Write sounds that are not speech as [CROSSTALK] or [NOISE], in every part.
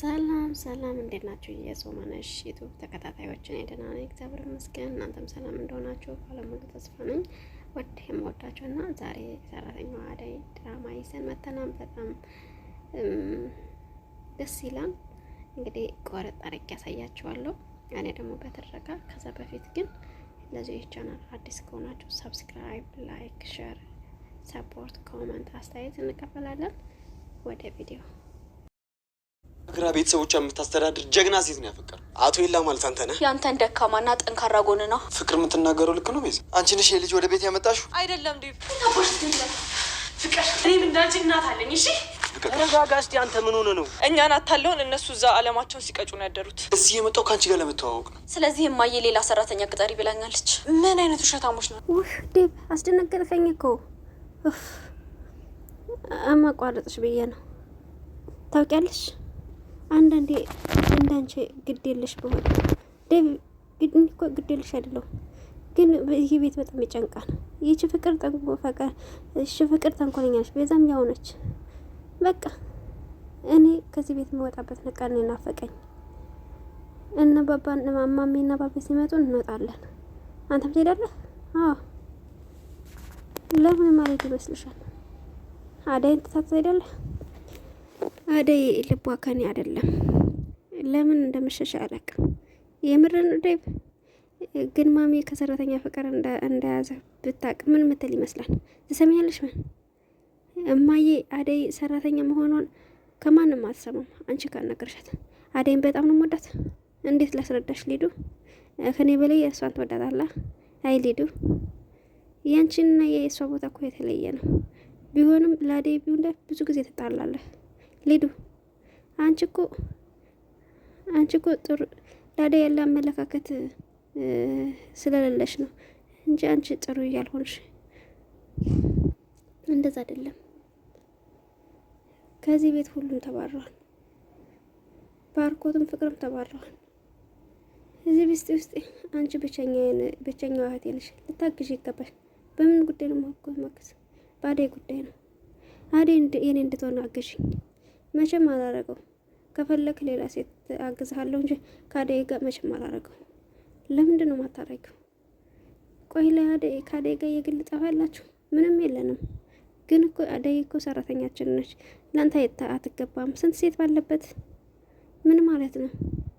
ሰላም ሰላም፣ እንዴት ናችሁ? የጾመነሽ ዩቱብ ተከታታዮችን የደህና ነኝ እግዚአብሔር ይመስገን። እናንተም ሰላም እንደሆናችሁ ባለሙሉ ተስፋ ነኝ። ወድ የምወዳችሁ ዛሬ ሰራተኛዋ አደይ ድራማ ይዘን መተናል። በጣም ደስ ይላል። እንግዲህ ቆረጥ አድርጌ ያሳያችኋለሁ እኔ ደግሞ በተደረጋ። ከዛ በፊት ግን ለዚህ ቻናል አዲስ ከሆናችሁ ሰብስክራይብ፣ ላይክ፣ ሸር፣ ሰፖርት፣ ኮመንት አስተያየት እንቀበላለን። ወደ ቪዲዮ ተቸግራ ቤተሰቦቿ የምታስተዳድር ጀግና ሴት ነው ያፈቀር አቶ ይላ ማለት አንተ ነህ። ያንተን ደካማና ጠንካራ ጎን ነው ፍቅር የምትናገረው። ልክ ነው ቤዛ። አንቺ ነሽ የልጅ ወደ ቤት ያመጣሽው አይደለም? ዴቭ ፍቅር እኔም እንዳንቺ እናት አለኝ። እሺ ረጋጋ እስኪ። አንተ ምን ሆነ ነው? እኛን አታለውን። እነሱ እዛ አለማቸውን ሲቀጩ ነው ያደሩት። እዚህ የመጣው ከአንቺ ጋር ለመተዋወቅ ነው። ስለዚህ የማየ ሌላ ሰራተኛ ቅጠሪ ብላኛለች። ምን አይነት ውሸታሞች ነው? ውህ ዴቭ አስደነገርከኝ እኮ እማቋረጥሽ ብዬ ነው። ታውቂያለሽ አንዳንዴ እንዳንቺ ግድ የለሽ በሆነ ዴቭ እኮ ግድ የለሽ አይደለሁም፣ ግን ይህ ቤት በጣም ይጨንቃል። ይቺ ፍቅር ጠንቆ እሺ ፍቅር ተንኮለኛ ነች፣ ቤዛም ያው ነች። በቃ እኔ ከዚህ ቤት የምወጣበት ነቃል ነው ናፈቀኝ። እነ ባባ ማሜ እና ባባ ሲመጡ እንወጣለን። አንተም ትሄዳለህ? አዎ። ለምን ማለት ይመስልሻል? አዳይን ትታት ትሄዳለህ? አደይ ልቧ ከኔ አይደለም። ለምን እንደመሸሸ አላውቅም። የምርን ዴቭ ግን ማሚ ከሰራተኛ ፍቅር እንደያዘ ብታቅ ምን ምትል ይመስላል? ትሰሚያለሽ? ምን እማዬ አደይ ሰራተኛ መሆኗን ከማንም አትሰማም። አንቺ ካልነገርሻት አደይን በጣም ነው ሞዳት። እንዴት ላስረዳሽ ሊዱ? ከኔ በላይ እሷን ትወዳታላ። አይ ሊዱ፣ ያንቺንና የእሷ ቦታ እኮ የተለየ ነው። ቢሆንም ለአደይ ቢሆን ብዙ ጊዜ ትጣላለህ። ሊዱ አንቺ እኮ አንቺ እኮ ጥሩ ላዳ ያለ አመለካከት ስለሌለሽ ነው እንጂ አንቺ ጥሩ እያልሆንሽ እንደዛ አይደለም። ከዚህ ቤት ሁሉም ተባረዋል። ባርኮትም ፍቅርም ተባረዋል። እዚህ ቤት ውስጥ አንቺ ብቸኛዋ እህቴ ነሽ። ልታግዥ ይገባል። በምን ጉዳይ ነው ማኮ ማክስ? በአደይ ጉዳይ ነው። አደይ የኔ እንድትሆን አግዥኝ። መቼም አላረገው። ከፈለክ ሌላ ሴት አግዝሃለሁ እንጂ ከአደይ ጋር መቼም አላረገው። ለምንድን ነው ማታረገው? ቆይ ላይ ከአደይ ጋር የግል ጠብ ምንም የለንም። ግን እኮ አደይ እኮ ሰራተኛችን ነች። ለአንተ አትገባም። ስንት ሴት ባለበት ምን ማለት ነው?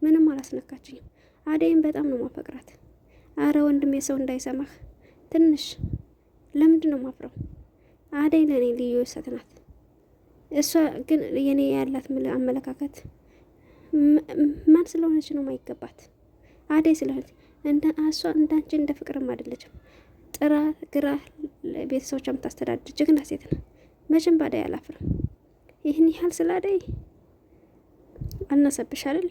ምንም አላስነካችኝም። አደይም በጣም ነው ማፈቅራት። አረ ወንድሜ ሰው እንዳይሰማህ ትንሽ። ለምንድን ነው ማፍረው? አደይ ለእኔ ልዩ ሰት ናት። እሷ ግን የኔ ያላት አመለካከት ማን ስለሆነች ነው ማይገባት አደይ ስለሆነች እንደ እሷ እንዳንቺ እንደ ፍቅርም አይደለችም። ጥራ ግራ ቤተሰቦች የምታስተዳድር ጀግና ሴት ነው። መቼም ባደይ አላፍርም። ይህን ያህል ስለ አደይ አልናሰብሽ አይደል?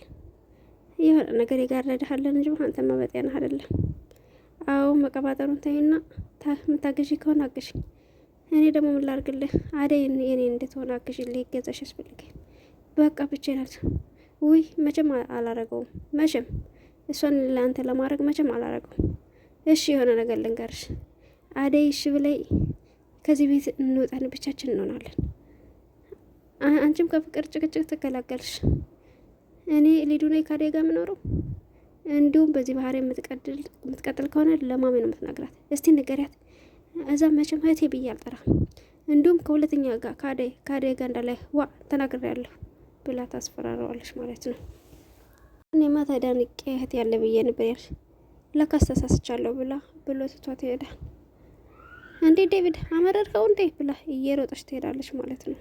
የሆነ ነገር የጋረድሃለን እንጂ አንተ ማበጤያና አይደለም። አዎ መቀባጠሩን ተይና፣ ምታገዢ ከሆነ አገሽኝ። እኔ ደግሞ ምን ላርግልህ? አደይ እኔ እንድትሆን አግዥልህ፣ ይገዛሽ ያስፈልገኝ። በቃ ብቻዬን ናት። ውይ መቼም አላረገውም፣ መቼም እሷን ለአንተ ለማድረግ መቼም አላረገውም። እሺ የሆነ ነገር ልንገርሽ አደይ፣ እሺ ብለይ ከዚህ ቤት እንወጣን፣ ብቻችን እንሆናለን። አንቺም ከፍቅር ጭቅጭቅ ትገላገልሽ፣ እኔ ሊዱ ነኝ ከአደይ ጋር የምኖረው። እንዲሁም በዚህ ባህሪ የምትቀጥል ከሆነ ለማሜ ነው የምትነግራት። እስቲ ንገሪያት እዛ መቼም እህቴ ብዬ አልጠራም። እንዲሁም ከሁለተኛ ጋ ጋር ከአደይ ጋ እንዳላይ ዋ ተናግሬያለሁ ብላ ታስፈራረዋለች ማለት ነው። እኔማ ተደንቄ እህት ያለ ብዬ ነበር ያልሽ፣ ለካ አስተሳስቻለሁ ብላ ብሎ ትቷት ይሄዳል። እንዴ ዴቪድ አመረርከው እንዴ ብላ እየሮጠች ትሄዳለች ማለት ነው።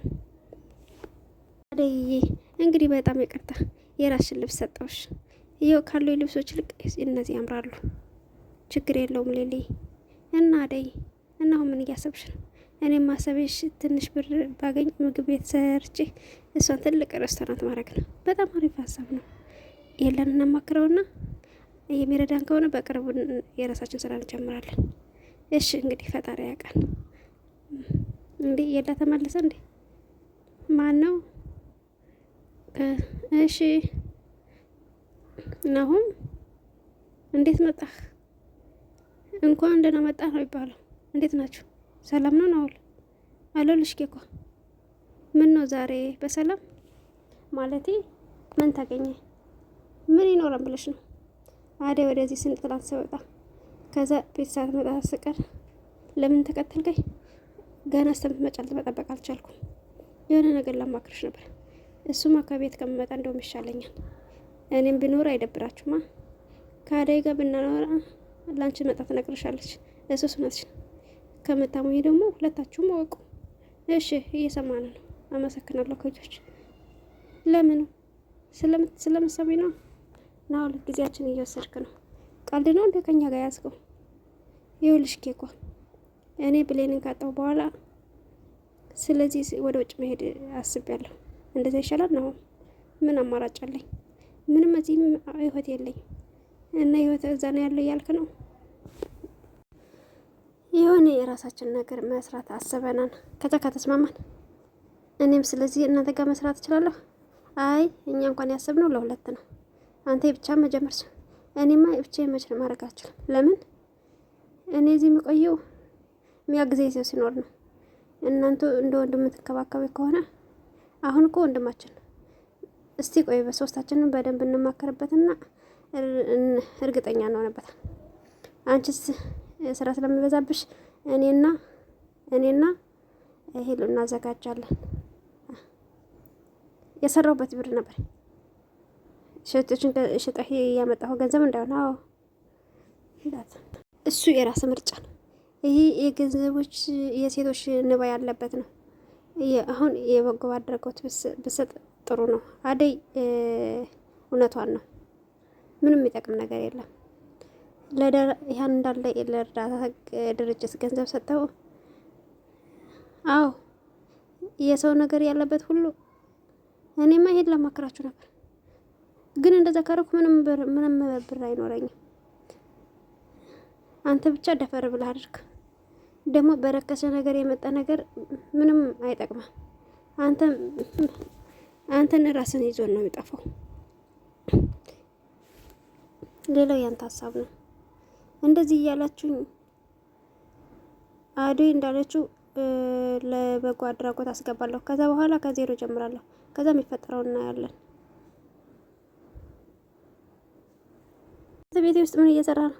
አደይዬ እንግዲህ በጣም ይቅርታ የራስሽን ልብስ ሰጠውሽ። ይኸው ካሉ ልብሶች ልቅ እነዚህ ያምራሉ። ችግር የለውም ሌሊ እና አደይ እና ምን እያሰብሽ ነው? እኔ ማሰቤሽ ትንሽ ብር ባገኝ ምግብ ቤት ሰርቼ እሷን ትልቅ ሬስቶራንት ማድረግ ነው። በጣም አሪፍ ሀሳብ ነው። የለን እናማክረውና የሚረዳን ከሆነ በቅርቡ የራሳችን ስራ እንጀምራለን። እሺ እንግዲህ ፈጣሪ ያውቃል። እንዴ የላ ተመለሰ እንዴ? ማን ነው? እሺ ናሁም እንዴት መጣህ? እንኳን ደህና መጣህ ነው ይባለው እንዴት ናችሁ? ሰላም ነው ናውል አለሁልሽ። ኬኳ ምን ነው ዛሬ በሰላም ማለቴ ምን ታገኘ ምን ይኖረን ብለሽ ነው? አደይ ወደዚህ ስንት ጥላት ስወጣ ከዛ ቤት ሰዓት መጣት ስቀር ለምን ተከተልከኝ? ገና እስከምትመጪ መጠበቅ አልቻልኩም። የሆነ ነገር ላማክርሽ ነበር። እሱማ ከቤት ከምመጣ እንደውም ይሻለኛል። እኔም ብኖር አይደብራችሁማ። ከአደይ ጋር ብናኖር ላንቺ መጣ ትነግርሻለች። እሱስ እውነትሽ ነው። ከመታሙኝ ደግሞ ሁለታችሁም አወቁ። እሺ እየሰማን ነው። አመሰግናለሁ። ከጆች ለምን ስለምትሰሚ ነው እና ሁለት ጊዜያችን እየወሰድክ ነው። ቀልድ ነው እንደ ከኛ ጋር ያዝከው። ይኸውልሽ ኬኳ እኔ ብሌንን ካጣው በኋላ ስለዚህ ወደ ውጭ መሄድ አስቤያለሁ። እንደዛ ይሻላል ነው? ምን አማራጭ አለኝ? ምንም እዚህም ህይወት የለኝ እና ህይወት እዛ ነው ያለው እያልክ ነው የሆነ የራሳችን ነገር መስራት አስበናል። ከዛ ከተስማማን እኔም ስለዚህ እናንተ ጋር መስራት እችላለሁ። አይ እኛ እንኳን ያሰብነው ለሁለት ነው። አንተ ብቻ መጀመር ሰው እኔማ ብቻ መችል ማድረግ አልችልም። ለምን እኔ እዚህ የሚቆየው የሚያግዘኝ ሰው ሲኖር ነው። እናንተ እንደ ወንድም የምትንከባከቢ ከሆነ አሁን እኮ ወንድማችን እስቲ ቆይ በሶስታችንን በደንብ እንማከርበትና እርግጠኛ እንሆንበታል። አንቺስ ስራ ስለሚበዛብሽ እኔና እኔና ሄሉ እናዘጋጃለን። የሰራሁበት ብር ነበር ሸጦችን ሸጠህ ያመጣሁ ገንዘብ እንዳይሆን። አዎ እሱ የራስ ምርጫ ነው። ይሄ የገንዘቦች የሴቶች ንባ ያለበት ነው። አሁን የበጎ አድራጎት ብሰጥ ጥሩ ነው። አደይ እውነቷን ነው። ምንም የሚጠቅም ነገር የለም። ያን እንዳለ ለእርዳታ ድርጅት ገንዘብ ሰጠው። አዎ የሰው ነገር ያለበት ሁሉ እኔማ ይሄን ለማከራችሁ ነበር፣ ግን እንደዛ ካረኩ ምንም ብር ምንም ብር አይኖረኝም። አንተ ብቻ ደፈር ብለህ አድርግ። ደግሞ በረከሰ ነገር የመጣ ነገር ምንም አይጠቅማም። አንተ አንተን ራስን ይዞን ነው የሚጠፋው። ሌላው ያንተ ሀሳብ ነው። እንደዚህ እያላችሁ አደይ እንዳለችው ለበጎ አድራጎት አስገባለሁ። ከዛ በኋላ ከዜሮ ጀምራለሁ። ከዛ የሚፈጠረው እናያለን። ቤቴ ውስጥ ምን እየሰራ ነው?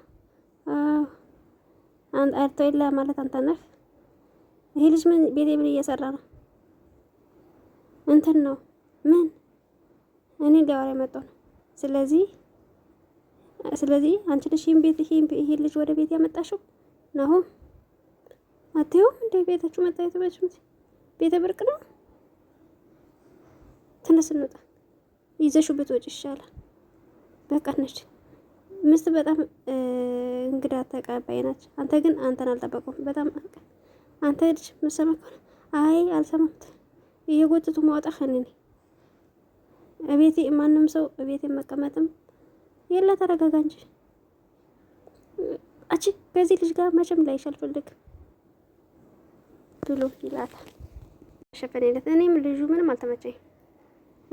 አርቶ የለ ማለት አንተ ነህ። ይሄ ልጅ ምን ቤቴ ምን እየሰራ ነው? እንትን ነው ምን እኔ ሊያወራ የመጣው ነው። ስለዚህ ስለዚህ አንቺ ልጅ ይሄን ቤት ይሄን ልጅ ወደ ቤት ያመጣሽው ናሁ አትዩ እንደ ቤታችሁ መጣ የተባችሁት ቤተ ብርቅ ነው። ተነስ እንውጣ። ይዘሽው ብትወጪ ይሻላል። በቃ ነች ምስት በጣም እንግዳ ተቀባይ ናች። አንተ ግን አንተን አልጠበቀውም። በጣም አንተ ልጅ ምሰማ ከሆነ አይ አልሰማምት እየጎትቱ ማውጣ ከኔ እቤቴ ማንም ሰው እቤቴ መቀመጥም የለ ተረጋጋ እንጂ አቺ ከዚህ ልጅ ጋር መቼም ላይሽ አልፈልግም ብሎ ይላታል። ሸፈነለት። እኔም ልጁ ምንም አልተመቸኝ።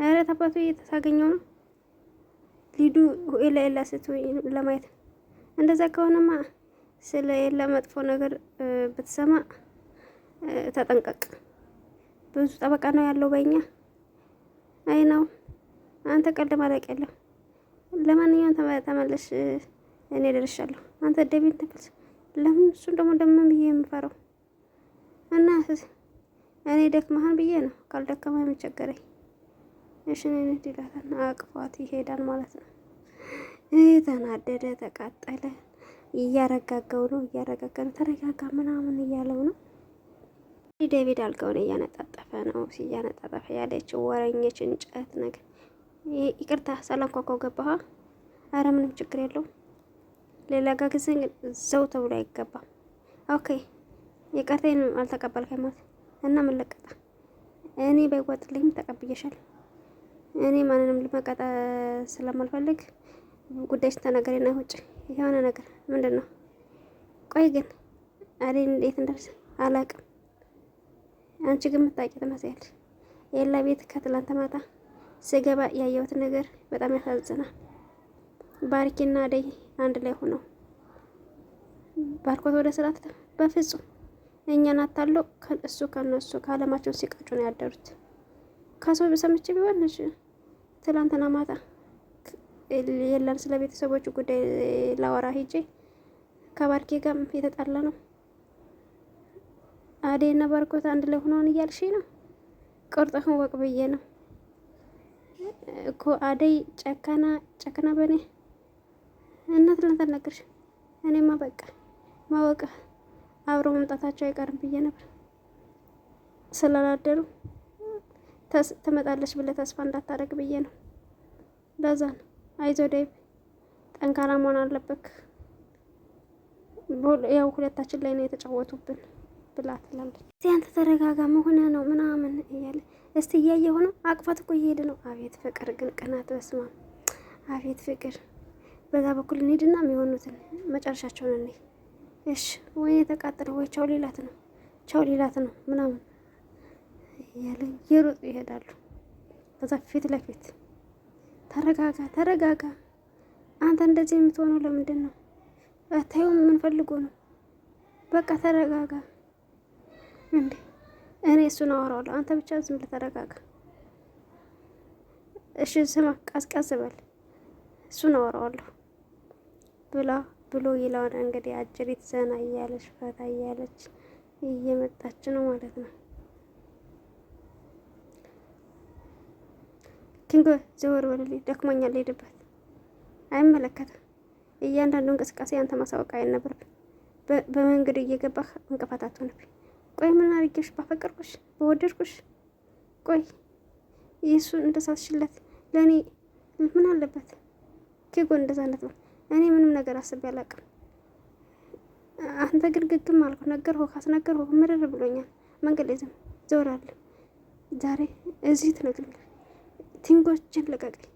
ኧረ ተባቱ እየተሳገኘው ነው ሊዱ ኤላ ኤላ ለማየት እንደዛ ከሆነማ ስለ ኤላ መጥፎ ነገር ብትሰማ ተጠንቀቅ። ብዙ ጠበቃ ነው ያለው በእኛ። አይ ነው አንተ ቀልድ ማለቅ የለም። ለማንኛውም ተመለሽ፣ እኔ ደርሻለሁ። አንተ ደቢል ተፈል ለምን እሱን ደግሞ ደመን ብዬ የምፈራው እና እኔ ደክመሃን ብዬ ነው። ካልደከመ የምቸገረኝ እሽን ይላታል። አቅፏት ይሄዳል ማለት ነው። ተናደደ፣ ተቃጠለ። እያረጋጋው ነው እያረጋጋ ነው። ተረጋጋ ምናምን እያለው ነው። ዴቪድ አልጋውን እያነጣጠፈ ነው። ሲያነጣጠፈ ያለች ወረኘች እንጨት ነገር ይቅርታ ሳላንኳኳው ገባህ። አረ ምንም ችግር የለው። ሌላ ጋ ጊዜ ዘው ተብሎ አይገባም። ኦኬ ይቅርታዬን አልተቀበልከኝ ማለት እና ምን ለቀጣ እኔ ባይዋጥልኝም ተቀብየሻል እኔ ማንንም ልመቀጣ ስለማልፈልግ ጉዳይሽን ተናገሪና ውጭ። የሆነ ነገር ምንድን ነው? ቆይ ግን አሬ እንዴት እንደርስ አላውቅም። አንቺ ግን ምታቂ ትመስያለሽ። የላ ቤት ከትላንት ማታ ስገባ ያየሁት ነገር በጣም ያሳዝናል። ባርኪና አደይ አንድ ላይ ሆነው ባርኮት ወደ ስራት በፍጹም እኛን አታለው እሱ ከነሱ ከአለማቸው ሲቃጩ ነው ያደሩት። ከሰው በሰምቼ ቢሆን እሺ፣ ትላንትና ማታ የለም ስለ ቤተሰቦቹ ጉዳይ ላወራ ሂጄ ከባርኬ ጋር የተጣላ ነው። አደይና ባርኮት አንድ ላይ ሆነውን እያልሽ ነው? ቁርጥህን ወቅ ብዬ ነው። እኮ አደይ ጨከና ጨከና በእኔ እና ትላንት እኔ እኔማ በቃ ማወቅ አብሮ መምጣታቸው አይቀርም ብዬ ነበር። ስላላደሩ ትመጣለች ብለህ ተስፋ እንዳታደርግ ብዬ ነው። ለዛ ነው አይዞ ዴቭ፣ ጠንካራ መሆን አለበት። ያው ሁለታችን ላይ ነው የተጫወቱብን። ብላ ትላለች። እዚህ አንተ ተረጋጋ መሆነ ነው ምናምን እያለ እስቲ እያየ ሆነ አቅፋት እኮ እየሄደ ነው። አቤት ፍቅር ግን ቅናት፣ በስማ አቤት ፍቅር። በዛ በኩል እንሂድና የሚሆኑትን መጨረሻቸውን እኔ እሽ ወይ የተቃጠለ ወይ ቻው ሌላት ነው ቻው ሌላት ነው ምናምን እያለ የሮጡ ይሄዳሉ። ከዛ ፊት ለፊት ተረጋጋ ተረጋጋ፣ አንተ እንደዚህ የምትሆነው ለምንድን ነው? ታዩ ምን ፈልጎ ነው? በቃ ተረጋጋ። እንዴ እኔ እሱን አወራዋለሁ። አንተ ብቻ ዝም ብለህ ተረጋጋ። እሺ ስማ፣ ቀዝቀዝ በል። እሱን አወራዋለሁ ብላ ብሎ ይለዋል። እንግዲህ አጅሪት ዘና እያለች ፈታ እያለች እየመጣች ነው ማለት ነው። ኪንጎ ዘወር በልልኝ፣ ደክሞኛል፣ ሄድበት። አይመለከትም። እያንዳንዱ እንቅስቃሴ አንተ ማሳወቅ አይነበርም። በመንገድ እየገባህ እንቅፋት አትሆንብኝ። ቆይ ምን አድርጌሽ? ባፈቀርኩሽ በወደድኩሽ ቆይ የእሱ እንደሳትሽለት ለእኔ ምን አለበት? ኬጎ እንደዛነት ነው። እኔ ምንም ነገር አስቤ ያላቅም አንተ አልኩ ነገር ሆካስ ነገር ሆክ ምርር ብሎኛል። መንገድ ላይ ዝም ዛሬ እዚህ ትነግረኛል። ቲንጎችን ልቀቀኝ።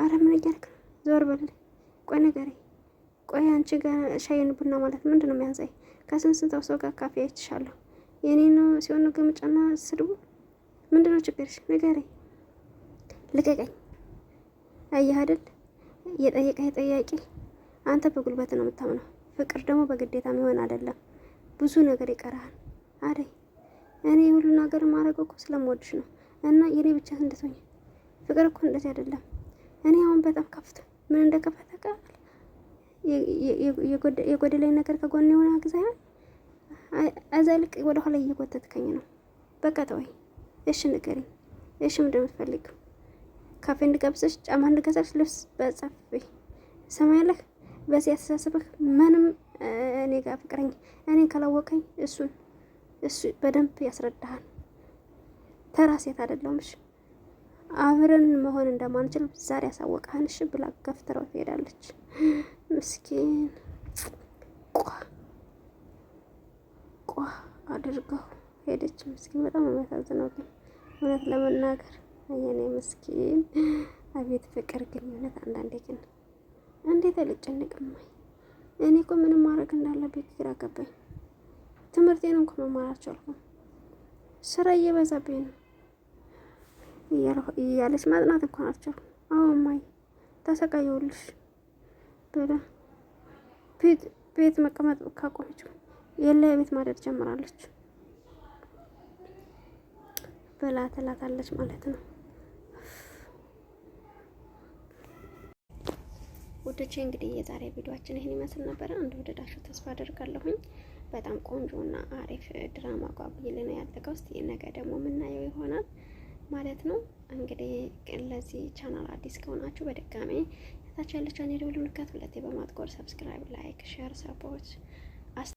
አረ ምን እያልክ ነው? ዘወር በል። ቆይ ነገሬ፣ ቆይ አንቺ ጋር ሻይን ቡና ማለት ምንድን ነው የሚያንሳይ? ከስንት ሰው ጋር ካፌ አይቼሻለሁ የእኔ ነው ሲሆን ነው ገምጫና ስድቡ ምንድን ነው ችግርሽ? ንገረኝ። ልቀቀኝ። አየህ አይደል የጠየቀህ አንተ በጉልበት ነው የምታምነው። ፍቅር ደግሞ በግዴታ የሚሆን አይደለም። ብዙ ነገር ይቀራል። አደይ። እኔ ሁሉ ነገር ማድረገው እኮ ስለምወድሽ ነው እና የኔ ብቻ እንደትሆኝ ፍቅር እኮ እንደዚህ አይደለም። እኔ አሁን በጣም ከፍቶ ምን እንደከፈተ ቃል የጎደለኝ ነገር ከጎን የሆነ አግዛያል። እዛ ወደ ኋላ እየጎተትከኝ ነው። በቃ ተወኝ። እሺ ንገሪኝ። እሺ ምንድን ነው የምትፈልጊው? ካፌ እንድጋብዝሽ፣ ጫማ እንድገዛሽ፣ ልብስ በጻፍብኝ። ሰማያለህ? በዚህ አስተሳሰብህ ምንም እኔ ጋር ፍቅረኝ እኔ ካላወቀኝ እሱን እሱ በደንብ ያስረዳሃል። ተራ ሴት አይደለሁምሽ። አብረን መሆን እንደማንችል ዛሬ ያሳወቀህን እሺ ብላ ገፍትራው ትሄዳለች። [GASPS] ምስኪን ቋ ቋንቋ አድርገው ሄደች። ምስኪን በጣም የሚያሳዝነው ግን እውነት ለመናገር የኔ ምስኪን፣ አቤት ፍቅር ግንኙነት። አንዳንዴ ግን እንዴት አልጨነቅም? እኔ እኮ ምንም ማድረግ እንዳለብኝ ግራ ገባኝ። ትምህርቴን እንኳ መማር አልቻልኩም። ስራ እየበዛብኝ ነው እያለች ማጥናት እንኳን አልቻልኩም። አዎ እማዬ ተሰቃየውልሽ ብላ ቤት መቀመጥ ካቆመችው የለ ቤት ማደር ጀምራለች ብላ ትላታለች ማለት ነው። ውዶቼ እንግዲህ የዛሬ ቪዲዮአችን ይህን ይመስል ነበረ። ወደዳችሁ ተስፋ አደርጋለሁኝ። በጣም ቆንጆና አሪፍ ድራማ ጓጉይል ነው ያለቀው። እስቲ ነገ ደግሞ የምናየው ይሆናል ማለት ነው። እንግዲህ ለዚህ ቻናል አዲስ ከሆናችሁ በድጋሜ ታች ያለችን ቻናል የደወል ምልክት ሁለቴ በማጥቆር ሰብስክራይብ፣ ላይክ፣ ሼር፣ ሰፖርት